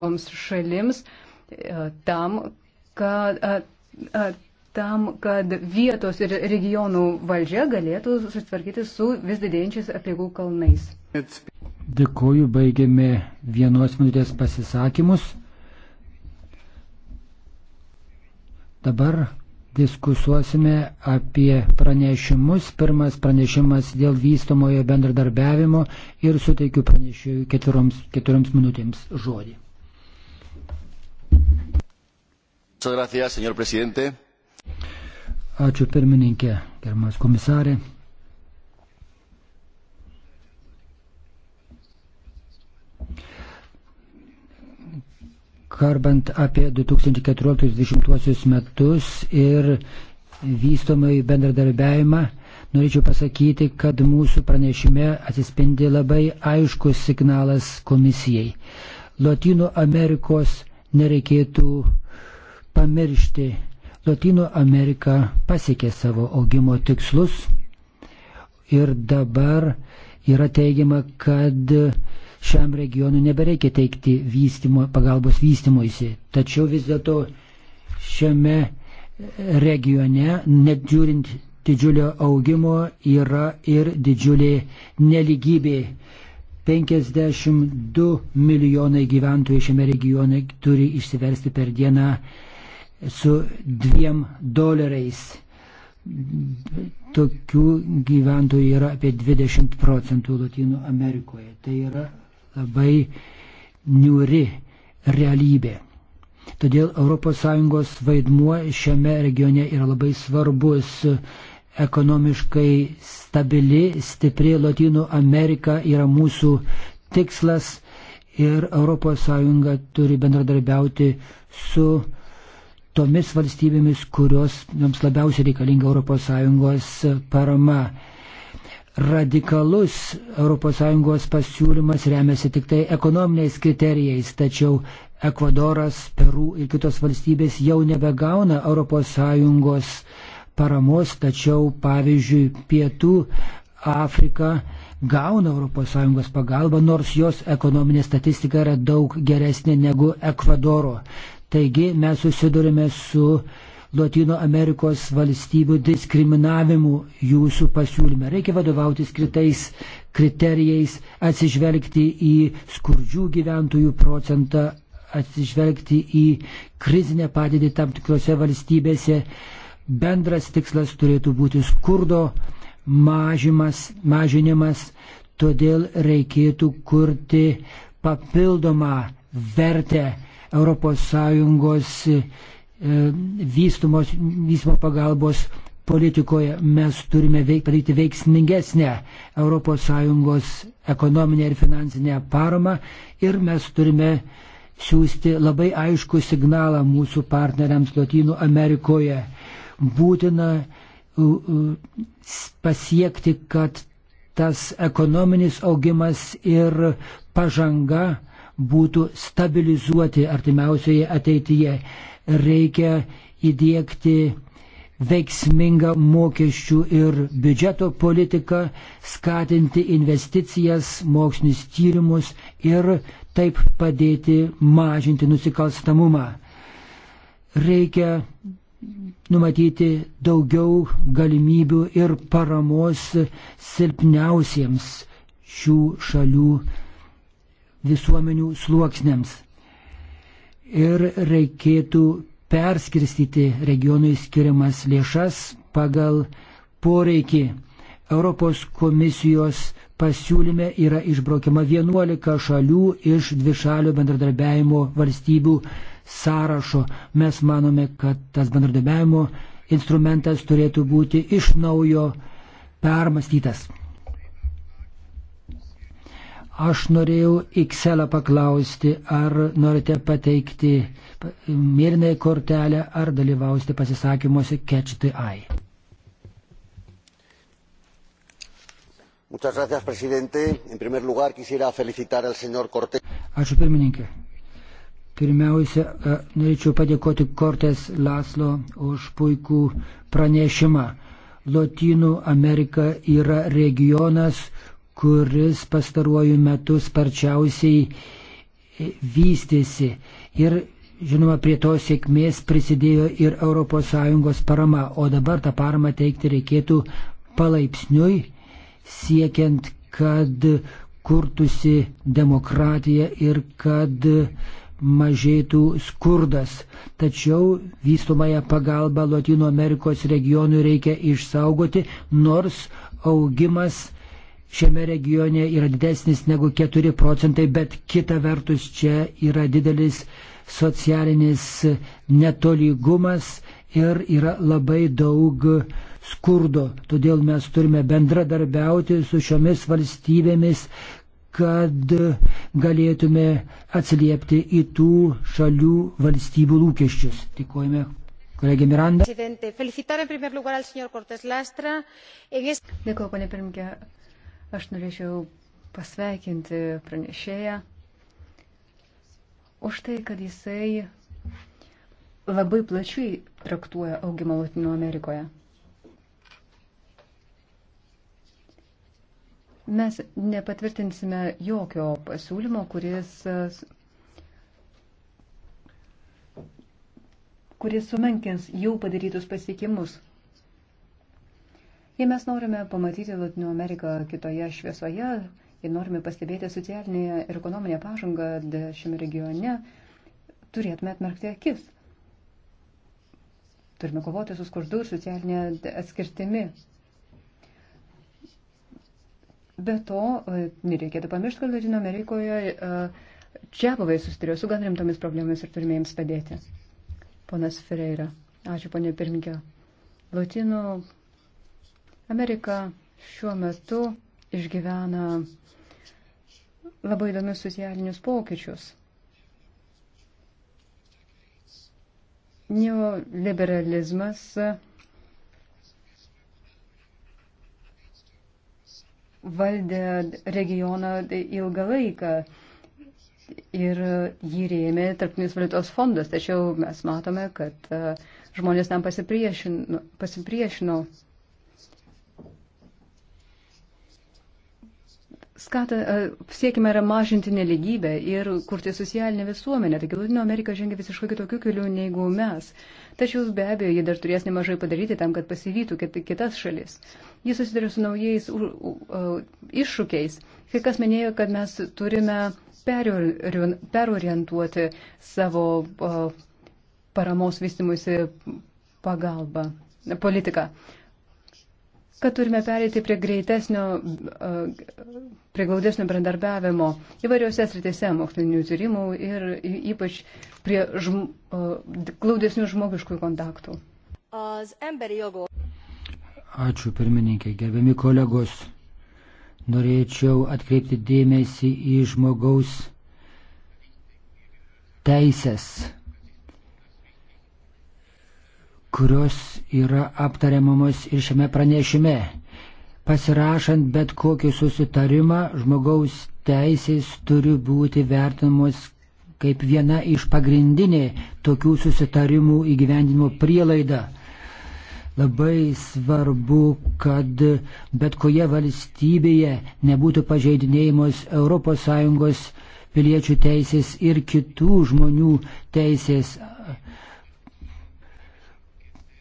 toms šalims e, tam, kad, e, e, tam, kad vietos ir regionų valdžia galėtų susitvarkyti su vis didėjančiais aplinkų kalnais. Dėkuoju, baigėme vienos minutės pasisakymus. Dabar diskusuosime apie pranešimus. Pirmas pranešimas dėl vystomojo bendradarbiavimo ir suteikiu pranešėjui keturioms, keturioms minutėms žodį. señor presidente. Ačiū pirmininkė, gerbiamas komisarė. Karbant apie 2014-2020 metus ir vystomai bendradarbiavimą, norėčiau pasakyti, kad mūsų pranešime atsispindi labai aiškus signalas komisijai. Latino Amerikos nereikėtų uh, pamiršti. Latino Amerika pasiekė savo augimo tikslus ir dabar yra teigiama, kad šiam regionui nebereikia teikti vystymo, pagalbos vystimuisi. Tačiau vis dėlto šiame regione, net žiūrint didžiulio augimo, yra ir didžiulė neligybė. 52 milijonai gyventojų šiame regione turi išsiversti per dieną su dviem doleriais. Tokių gyventojų yra apie 20 procentų Latino Amerikoje. Tai yra labai niuri realybė. Todėl ES vaidmuo šiame regione yra labai svarbus. Ekonomiškai stabili, stipri Latino Amerika yra mūsų tikslas ir ES turi bendradarbiauti su tomis valstybėmis, kurios joms labiausiai reikalinga ES parama. Radikalus ES pasiūlymas remiasi tik tai ekonominiais kriterijais, tačiau Ekvadoras, Peru ir kitos valstybės jau nebegauna ES paramos, tačiau pavyzdžiui Pietų Afrika gauna ES pagalbą, nors jos ekonominė statistika yra daug geresnė negu Ekvadoro. Taigi mes susidurime su Latino Amerikos valstybių diskriminavimu jūsų pasiūlyme. Reikia vadovautis kitais kriterijais, atsižvelgti į skurdžių gyventojų procentą, atsižvelgti į krizinę padėtį tam tikrose valstybėse. Bendras tikslas turėtų būti skurdo mažimas, mažinimas, todėl reikėtų kurti papildomą vertę ES e, vystumos, vystumo pagalbos politikoje mes turime veik, padaryti veiksmingesnę ES ekonominę ir finansinę paramą ir mes turime siūsti labai aišku signalą mūsų partneriams Latino Amerikoje. Būtina pasiekti, kad tas ekonominis augimas ir pažanga būtų stabilizuoti artimiausioje ateityje. Reikia įdėkti veiksmingą mokesčių ir biudžeto politiką, skatinti investicijas, mokslinis tyrimus ir taip padėti mažinti nusikalstamumą. Reikia numatyti daugiau galimybių ir paramos silpniausiems šių šalių visuomenių sluoksniams. Ir reikėtų perskirstyti regionui skiriamas lėšas pagal poreikį. Europos komisijos pasiūlyme yra išbraukiama 11 šalių iš dvišalio bendradarbiavimo valstybių sąrašo. Mes manome, kad tas bendradarbiavimo instrumentas turėtų būti iš naujo permastytas. Aš norėjau Ikselą paklausti, ar norite pateikti mėlynai kortelę, ar dalyvausite pasisakymuose Catch the Eye. Muchas gracias, presidente. En primer lugar, quisiera felicitar al señor Cortés. Ačiū pirmininkė. Pirmiausia, e, norėčiau padėkoti Cortés Laslo už puikų pranešimą. Lotynų Amerika yra regionas, kuris pastaruoju metu sparčiausiai vystėsi. Ir Žinoma, prie to sėkmės prisidėjo ir ES parama, o dabar tą paramą teikti reikėtų palaipsniui, siekiant, kad kurtųsi demokratija ir kad mažėtų skurdas. Tačiau vystomąją pagalbą Latino Amerikos regionui reikia išsaugoti, nors augimas šiame regione yra didesnis negu 4 procentai, bet kita vertus čia yra didelis socialinis netolygumas ir yra labai daug skurdo. Todėl mes turime bendradarbiauti su šiomis valstybėmis, kad galėtume atsiliepti į tų šalių valstybių lūkesčius. Tikojame Dėkuoju, ponė pirmininkė. Aš norėčiau pasveikinti pranešėją už tai, kad jisai labai plačiai traktuoja augimą Latino Amerikoje. Mes nepatvirtinsime jokio pasiūlymo, kuris, kuris sumenkins jau padarytus pasiekimus. Jei mes norime pamatyti Latino Ameriką kitoje šviesoje ir norime pastebėti socialinę ir ekonominę pažangą šiame regione, turėtume atmerkti akis. Turime kovoti su skurdu ir socialinė atskirtimi. Be to, e, nereikėtų pamiršti, kad Latino Amerikoje e, čia buvai susiturėjo su gan rimtomis problemomis ir turime jiems padėti. Ponas Ferreira. Ačiū, ponė pirmininkė. Latino Amerika šiuo metu išgyvena labai įdomius socialinius pokyčius. Neoliberalizmas valdė regioną ilgą laiką ir jį rėmė tarptinis valiutos fondas, tačiau mes matome, kad žmonės tam pasipriešino. pasipriešino. skata, e, siekime yra mažinti neligybę ir kurti socialinę visuomenę. Taigi Latino Amerika žengia visiškai kitokiu keliu negu mes. Tačiau be abejo, jie dar turės nemažai padaryti tam, kad pasivytų kitas šalis. Jis susiduria su naujais e, iššūkiais. Kai kas minėjo, kad mes turime perorientuoti savo e, paramos vystimuisi pagalbą, politiką kad turime perėti prie greitesnio, prie glaudesnio bendarbiavimo įvairiose sritise mokslinių tyrimų ir ypač prie žm, glaudesnių žmogiškų kontaktų. Ačiū pirmininkė, gerbiami kolegos. Norėčiau atkreipti dėmesį į žmogaus teisės kurios yra aptariamamos ir šiame pranešime. Pasirašant bet kokį susitarimą, žmogaus teisės turi būti vertinamos kaip viena iš pagrindinė tokių susitarimų įgyvendinimo prielaida. Labai svarbu, kad bet koje valstybėje nebūtų pažeidinėjimos ES piliečių teisės ir kitų žmonių teisės.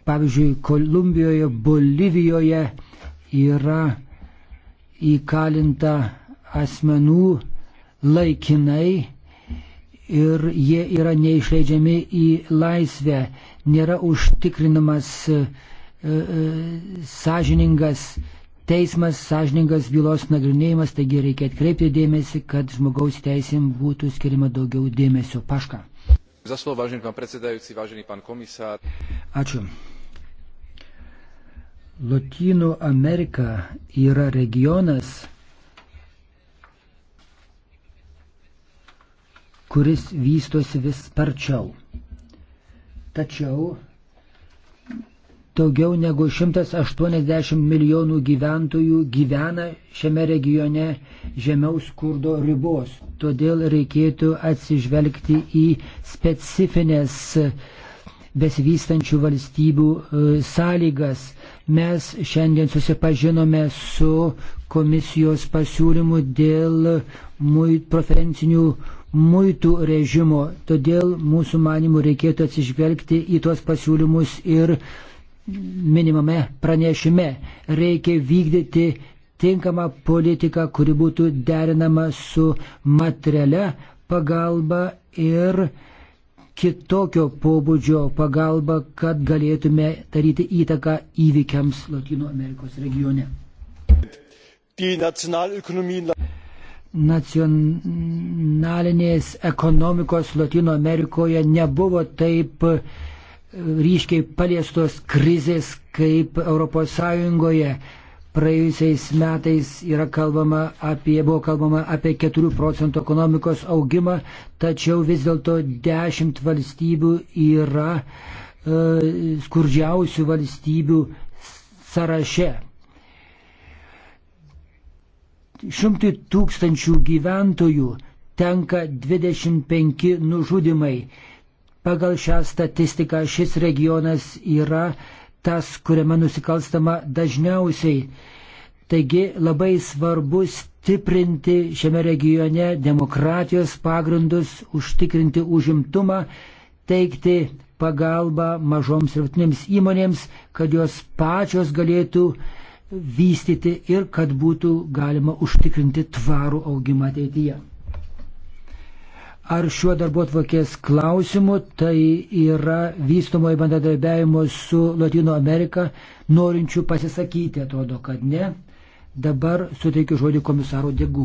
Pavyzdžiui, Kolumbijoje, Bolivijoje yra įkalinta asmenų laikinai ir jie yra neišleidžiami į laisvę, nėra užtikrinamas e, e, sąžiningas teismas, sąžiningas bylos nagrinėjimas, taigi reikia atkreipti dėmesį, kad žmogaus teisėm būtų skirima daugiau dėmesio. Paška. Ačiū. Lotynų Amerika yra regionas, kuris vystosi vis sparčiau. Tačiau daugiau negu 180 milijonų gyventojų gyvena šiame regione žemiaus skurdo ribos. Todėl reikėtų atsižvelgti į specifines besivystančių valstybių e, sąlygas. Mes šiandien susipažinome su komisijos pasiūlymu dėl muit, preferencinių muitų režimo. Todėl mūsų manimų reikėtų atsižvelgti į tuos pasiūlymus ir minimame pranešime. Reikia vykdyti tinkamą politiką, kuri būtų derinama su materialia pagalba ir kitokio pobūdžio pagalbą, kad galėtume daryti įtaką įvykiams Latino Amerikos regione. Nacionalinės ekonomikos Latino Amerikoje nebuvo taip e, ryškiai paliestos krizės kaip ES Praėjusiais metais yra kalbama apie, buvo kalbama apie 4 procentų ekonomikos augimą, tačiau vis dėlto 10 valstybių yra e, skurdžiausių valstybių sąraše. Šimtui tūkstančių gyventojų tenka 25 nužudimai. Pagal šią statistiką šis regionas yra tas, kuriame nusikalstama dažniausiai. Taigi labai svarbu stiprinti šiame regione demokratijos pagrindus, užtikrinti užimtumą, teikti pagalbą mažoms ir vidutinėms įmonėms, kad jos pačios galėtų vystyti ir kad būtų galima užtikrinti tvarų augimą ateityje ar šiuo darbo atvokės klausimu, tai yra vystomojo bendradarbiavimo su Latino Amerika norinčių pasisakyti, atrodo, kad ne. Dabar suteikiu žodį komisaro Degu.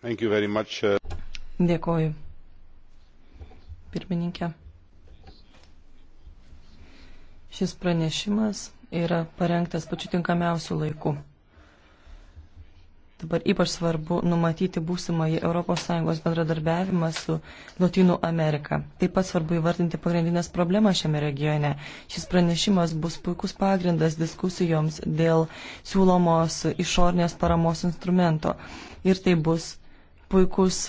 Uh, Dėkoju. Pirmininkė. Šis pranešimas yra parengtas pačiu tinkamiausiu laiku. Dabar ypač svarbu numatyti būsimąjį ES bendradarbiavimą su Latinų Amerika. Taip pat svarbu įvardinti pagrindinės problemas šiame regione. Šis pranešimas bus puikus pagrindas diskusijoms dėl siūlomos išornės paramos instrumento. Ir tai bus puikus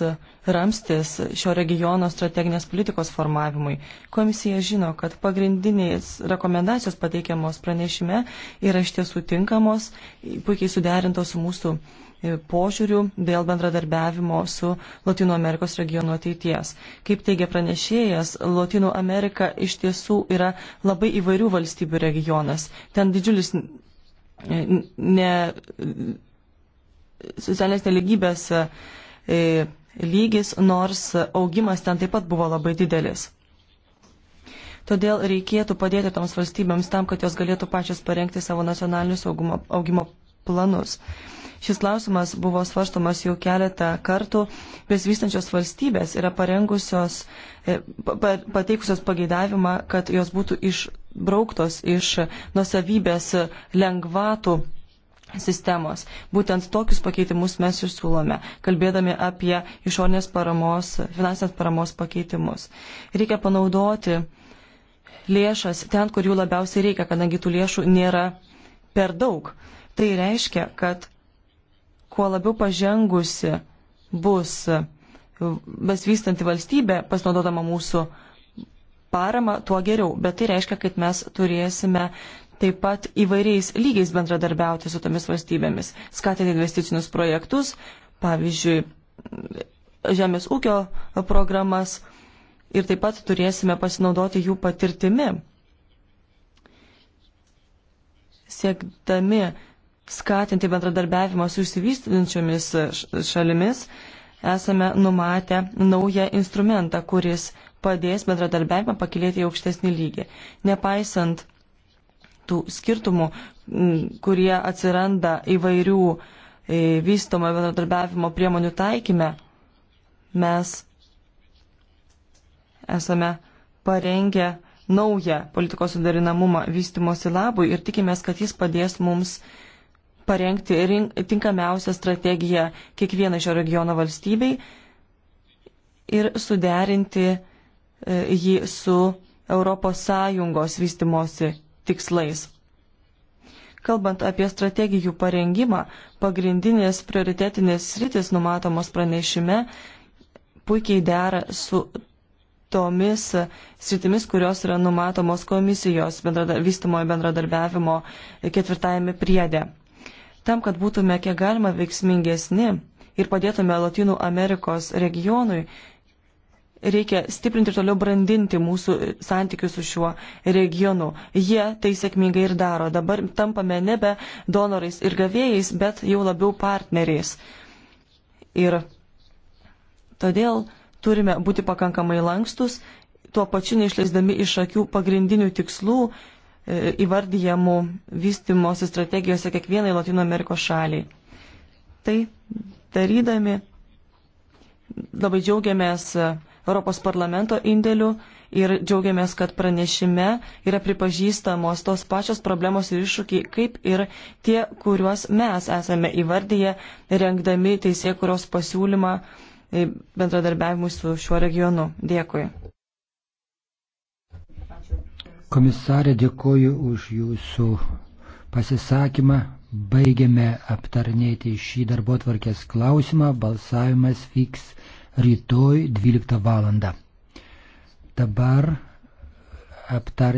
ramstis šio regiono strateginės politikos formavimui. Komisija žino, kad pagrindinės rekomendacijos pateikiamos pranešime yra iš tiesų tinkamos, puikiai suderintos su mūsų E, požiūrių dėl bendradarbiavimo su Latino Amerikos regionu ateities. Kaip teigia pranešėjas, Latino Amerika iš tiesų yra labai įvairių valstybių regionas. Ten didžiulis ne, socialinės neligybės e, lygis, nors augimas ten taip pat buvo labai didelis. Todėl reikėtų padėti toms valstybėms tam, kad jos galėtų pačios parengti savo nacionalinius augumo, augimo planus. Šis klausimas buvo svarstomas jau keletą kartų. Besivystančios valstybės yra parengusios, e, pateikusios pageidavimą, kad jos būtų išbrauktos iš nusavybės lengvatų sistemos. Būtent tokius pakeitimus mes ir siūlome, kalbėdami apie išorinės paramos, finansinės paramos pakeitimus. Reikia panaudoti lėšas ten, kur jų labiausiai reikia, kadangi tų lėšų nėra per daug. Tai reiškia, kad kuo labiau pažengusi bus besvystanti valstybė, pasinaudodama mūsų parama, tuo geriau. Bet tai reiškia, kad mes turėsime taip pat įvairiais lygiais bendradarbiauti su tomis valstybėmis, skatinti investicinius projektus, pavyzdžiui, žemės ūkio programas ir taip pat turėsime pasinaudoti jų patirtimi, siekdami skatinti bendradarbiavimą su išsivystinčiomis šalimis, esame numatę naują instrumentą, kuris padės bendradarbiavimą pakilėti į aukštesnį lygį. Nepaisant tų skirtumų, kurie atsiranda įvairių e, vystomo bendradarbiavimo priemonių taikymę, mes esame parengę naują politikos sudarinamumą vystimosi labui ir tikimės, kad jis padės mums uh, parengti rink, tinkamiausią strategiją kiekvienai šio regiono valstybei ir suderinti e, jį su ES vystimosi tikslais. Kalbant apie strategijų parengimą, pagrindinės prioritetinės sritis numatomos pranešime puikiai dera su tomis sritimis, kurios yra numatomos komisijos bendrada, vystimojo bendradarbiavimo ketvirtajame priedė. Tam, kad būtume kiek galima veiksmingesni ir padėtume Latinų Amerikos regionui, reikia stiprinti ir toliau brandinti mūsų santykius su šiuo regionu. Jie tai sėkmingai ir daro. Dabar tampame nebe donorais ir gavėjais, bet jau labiau partneriais. Ir todėl turime būti pakankamai lankstus, tuo pačiu neišleisdami iš akių pagrindinių tikslų E, įvardyjamų vystimosi strategijose kiekvienai Latino Amerikos šaliai. Tai darydami labai džiaugiamės Europos parlamento indėliu ir džiaugiamės, kad pranešime yra pripažįstamos tos pačios problemos ir iššūkiai, kaip ir tie, kuriuos mes esame įvardyje, rengdami teisėkuros pasiūlymą e, bendradarbiavimui su šiuo regionu. Dėkui. Komisarė, dėkoju už jūsų pasisakymą. Baigiame aptarnėti šį darbo tvarkės klausimą. Balsavimas vyks rytoj 12 val. Dabar aptar.